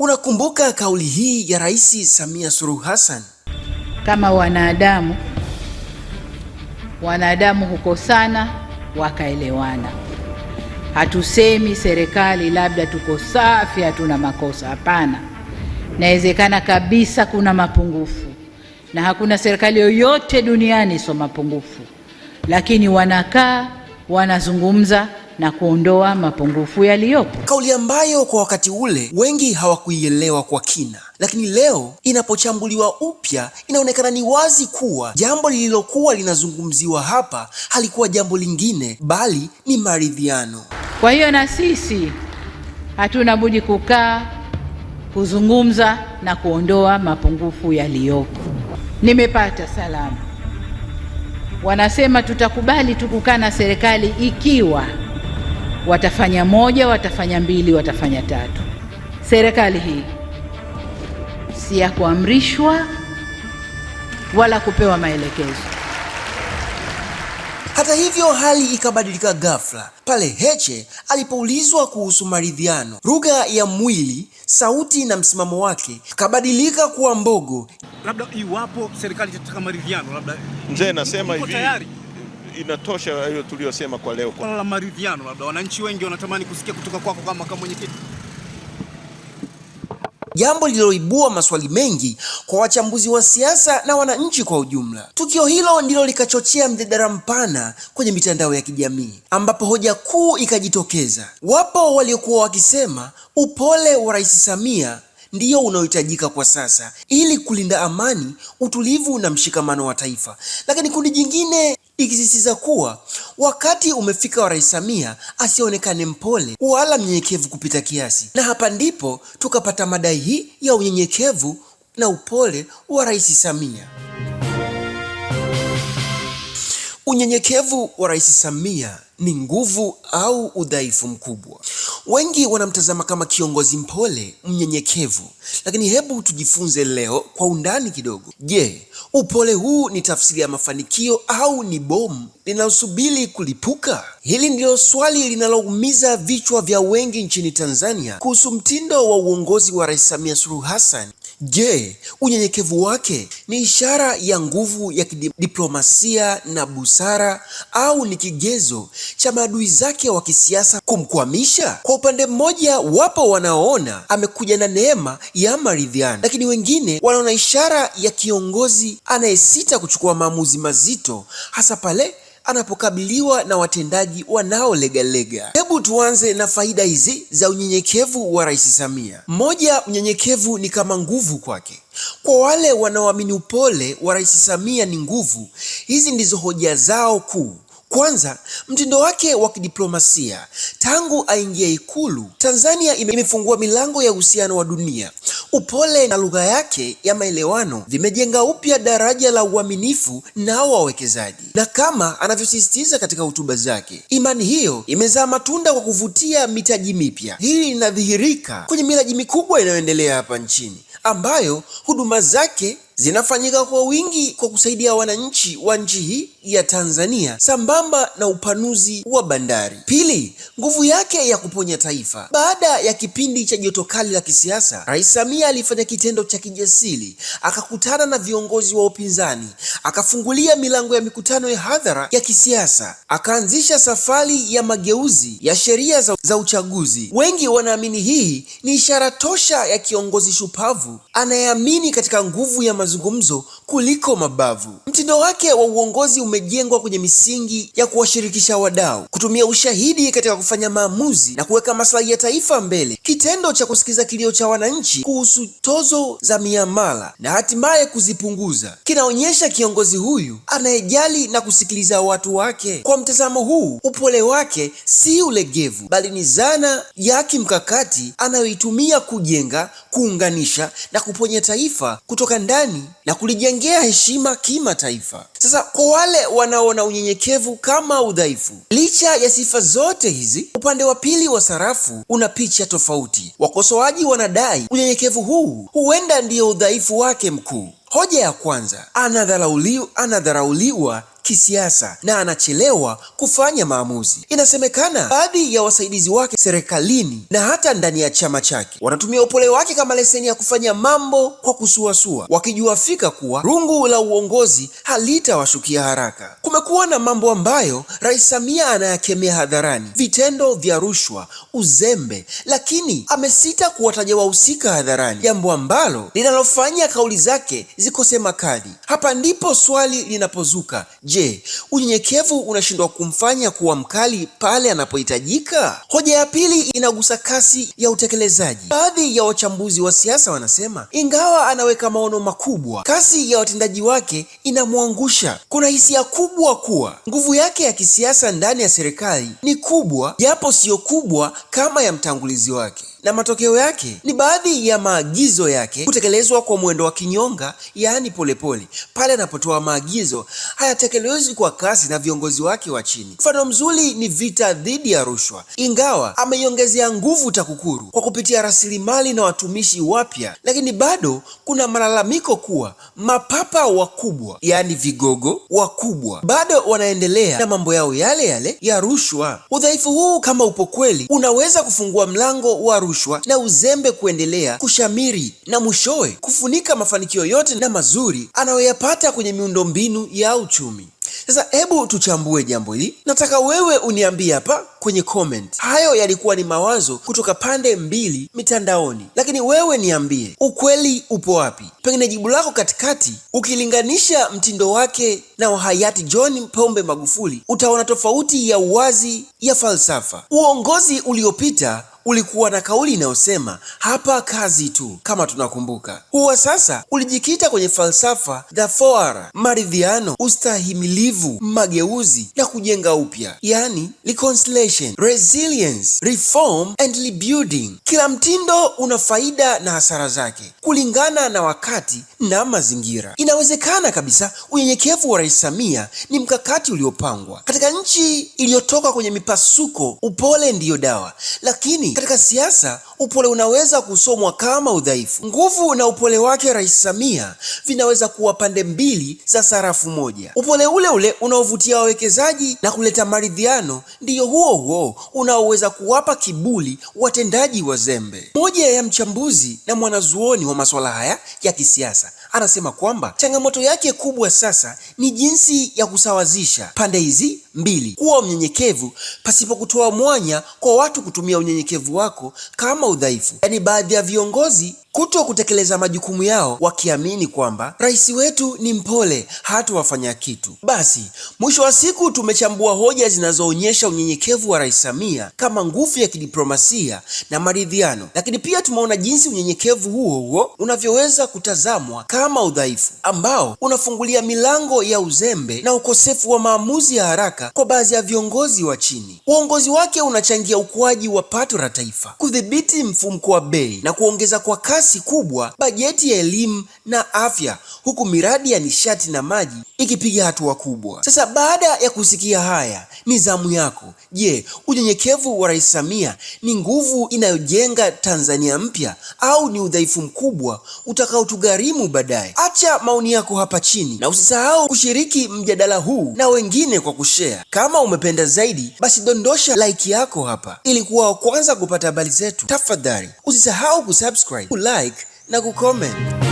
Unakumbuka kauli hii ya Rais Samia Suluhu Hassan? Kama wanadamu, wanadamu hukosana wakaelewana. Hatusemi serikali labda tuko safi, hatuna makosa. Hapana, inawezekana kabisa kuna mapungufu, na hakuna serikali yoyote duniani sio mapungufu, lakini wanakaa wanazungumza na kuondoa mapungufu yaliyopo, kauli ambayo kwa wakati ule wengi hawakuielewa kwa kina, lakini leo inapochambuliwa upya inaonekana ni wazi kuwa jambo lililokuwa linazungumziwa hapa halikuwa jambo lingine bali ni maridhiano. Kwa hiyo na sisi hatuna budi kukaa, kuzungumza na kuondoa mapungufu yaliyopo. Nimepata salamu wanasema tutakubali tu kukaa na serikali ikiwa watafanya moja, watafanya mbili, watafanya tatu. Serikali hii si ya kuamrishwa wala kupewa maelekezo. Hata hivyo, hali ikabadilika ghafla pale Heche alipoulizwa kuhusu maridhiano. Lugha ya mwili, sauti na msimamo wake kabadilika kuwa mbogo. Labda iwapo serikali itataka maridhiano, labda mzee, nasema hivi inatosha hiyo tuliyosema kwa leo. Kwa la maridhiano, labda wananchi wengi wanatamani kusikia kutoka kwako kama kama mwenyekiti, jambo lililoibua maswali mengi kwa wachambuzi wa siasa na wananchi kwa ujumla. Tukio hilo ndilo likachochea mjadala mpana kwenye mitandao ya kijamii, ambapo hoja kuu ikajitokeza. Wapo waliokuwa wakisema upole wa Rais Samia ndiyo unaohitajika kwa sasa ili kulinda amani, utulivu na mshikamano wa taifa, lakini kundi jingine ikisisitiza kuwa wakati umefika wa Rais Samia asionekane mpole wala mnyenyekevu kupita kiasi. Na hapa ndipo tukapata madai hii ya unyenyekevu na upole wa Rais Samia. Unyenyekevu wa Rais Samia ni nguvu au udhaifu mkubwa. Wengi wanamtazama kama kiongozi mpole, mnyenyekevu, lakini hebu tujifunze leo kwa undani kidogo. Je, upole huu ni tafsiri ya mafanikio au ni bomu linalosubiri kulipuka? Hili ndilo swali linaloumiza vichwa vya wengi nchini Tanzania kuhusu mtindo wa uongozi wa Rais Samia Suluhu Hassan Je, unyenyekevu wake ni ishara ya nguvu ya kidiplomasia na busara au ni kigezo cha maadui zake wa kisiasa kumkwamisha? Kwa upande mmoja, wapo wanaoona amekuja na neema ya maridhiano, lakini wengine wanaona ishara ya kiongozi anayesita kuchukua maamuzi mazito, hasa pale anapokabiliwa na watendaji wanaolegalega. Hebu tuanze na faida hizi za unyenyekevu wa Rais Samia. Mmoja, unyenyekevu ni kama nguvu kwake. Kwa wale wanaoamini upole wa Rais Samia ni nguvu, hizi ndizo hoja zao kuu. Kwanza, mtindo wake wa kidiplomasia. Tangu aingia Ikulu, Tanzania imefungua milango ya uhusiano wa dunia. Upole na lugha yake ya maelewano vimejenga upya daraja la uaminifu na wawekezaji, na kama anavyosisitiza katika hotuba zake, imani hiyo imezaa matunda kwa kuvutia mitaji mipya. Hili linadhihirika kwenye miradi mikubwa inayoendelea hapa nchini ambayo huduma zake zinafanyika kwa wingi kwa kusaidia wananchi wa nchi hii ya Tanzania sambamba na upanuzi wa bandari. Pili, nguvu yake ya kuponya taifa. Baada ya kipindi cha joto kali la kisiasa, Rais Samia alifanya kitendo cha kijasiri, akakutana na viongozi wa upinzani, akafungulia milango ya mikutano ya hadhara ya kisiasa, akaanzisha safari ya mageuzi ya sheria za, za uchaguzi. Wengi wanaamini hii ni ishara tosha ya kiongozi shupavu anayeamini katika nguvu ya mazungumzo kuliko mabavu. Mtindo wake wa uongozi umejengwa kwenye misingi ya kuwashirikisha wadau, kutumia ushahidi katika kufanya maamuzi na kuweka maslahi ya taifa mbele. Kitendo cha kusikiza kilio cha wananchi kuhusu tozo za miamala na hatimaye kuzipunguza kinaonyesha kiongozi huyu anayejali na kusikiliza watu wake. Kwa mtazamo huu, upole wake si ulegevu, bali ni zana ya kimkakati anayoitumia kujenga, kuunganisha na kuponya taifa kutoka ndani na kulijenga kuwajengea heshima kimataifa. Sasa kwa wale wanaona unyenyekevu kama udhaifu, licha ya sifa zote hizi, upande wa pili wa sarafu una picha tofauti. Wakosoaji wanadai unyenyekevu huu huenda ndiyo udhaifu wake mkuu. Hoja ya kwanza, anadharauliwa anadharauliwa kisiasa na anachelewa kufanya maamuzi. Inasemekana baadhi ya wasaidizi wake serikalini na hata ndani ya chama chake wanatumia upole wake kama leseni ya kufanya mambo kwa kusuasua, wakijua fika kuwa rungu la uongozi halitawashukia haraka. Kumekuwa na mambo ambayo Rais Samia anayakemea hadharani, vitendo vya rushwa, uzembe, lakini amesita kuwataja wahusika hadharani, jambo ambalo linalofanya kauli zake zikose makali. Hapa ndipo swali linapozuka. Je, nje, unyenyekevu unashindwa kumfanya kuwa mkali pale anapohitajika? Hoja ya pili inagusa kasi ya utekelezaji. Baadhi ya wachambuzi wa siasa wanasema ingawa anaweka maono makubwa, kasi ya watendaji wake inamwangusha. Kuna hisia kubwa kuwa nguvu yake ya kisiasa ndani ya serikali ni kubwa, japo siyo kubwa kama ya mtangulizi wake na matokeo yake ni baadhi ya maagizo yake kutekelezwa kwa mwendo wa kinyonga, yaani polepole. Pale anapotoa maagizo hayatekelezwi kwa kasi na viongozi wake wa chini. Mfano mzuri ni vita dhidi ya rushwa, ingawa ameiongezea nguvu TAKUKURU kwa kupitia rasilimali na watumishi wapya, lakini bado kuna malalamiko kuwa mapapa wakubwa, yaani vigogo wakubwa, bado wanaendelea na mambo yao yale yale ya rushwa. Udhaifu huu kama upo kweli, unaweza kufungua mlango wa rushwa na uzembe kuendelea kushamiri na mwishowe kufunika mafanikio yote na mazuri anayoyapata kwenye miundombinu ya uchumi. Sasa hebu tuchambue jambo hili. Nataka wewe uniambie hapa kwenye comment. Hayo yalikuwa ni mawazo kutoka pande mbili mitandaoni, lakini wewe niambie ukweli upo wapi? Pengine jibu lako katikati, ukilinganisha mtindo wake na wa hayati John Pombe Magufuli, utaona tofauti ya uwazi ya falsafa. Uongozi uliopita ulikuwa na kauli inayosema hapa kazi tu, kama tunakumbuka. Huwa sasa ulijikita kwenye falsafa za foara, maridhiano, ustahimilivu, mageuzi na kujenga upya, yani reconciliation, resilience, reform and rebuilding. Kila mtindo una faida na hasara zake kulingana na wakati na mazingira. Inawezekana kabisa unyenyekevu wa Rais Samia ni mkakati uliopangwa katika nchi iliyotoka kwenye mipasuko. Upole ndiyo dawa, lakini nini? Katika siasa upole unaweza kusomwa kama udhaifu. Nguvu na upole wake Rais Samia vinaweza kuwa pande mbili za sarafu moja. Upole ule ule unaovutia wawekezaji na kuleta maridhiano, ndiyo huo huo unaoweza kuwapa kibuli watendaji wazembe. Moja ya mchambuzi na mwanazuoni wa masuala haya ya kisiasa anasema kwamba changamoto yake kubwa sasa ni jinsi ya kusawazisha pande hizi mbili, kuwa mnyenyekevu pasipo kutoa mwanya kwa watu kutumia unyenyekevu wako kama udhaifu. Yaani, baadhi ya viongozi kuto kutekeleza majukumu yao, wakiamini kwamba rais wetu ni mpole, hatawafanya kitu. Basi mwisho wa siku tumechambua hoja zinazoonyesha unyenyekevu wa Rais Samia kama nguvu ya kidiplomasia na maridhiano, lakini pia tumeona jinsi unyenyekevu huo huo unavyoweza kutazamwa kama udhaifu ambao unafungulia milango ya uzembe na ukosefu wa maamuzi ya haraka kwa baadhi ya viongozi wa chini. Uongozi wake unachangia ukuaji wa pato la taifa, kudhibiti mfumko wa bei na kuongeza kwa kasi kasi kubwa bajeti ya elimu na afya, huku miradi ya nishati na maji ikipiga hatua kubwa. Sasa baada ya kusikia haya, ni zamu yako. Je, unyenyekevu wa Rais Samia ni nguvu inayojenga Tanzania mpya au ni udhaifu mkubwa utakaotugharimu baadaye? Acha maoni yako hapa chini na usisahau kushiriki mjadala huu na wengine kwa kushare. Kama umependa zaidi, basi dondosha like yako hapa ili kuwa wa kwanza kupata habari zetu. Tafadhali usisahau kusubscribe kulike na kucomment.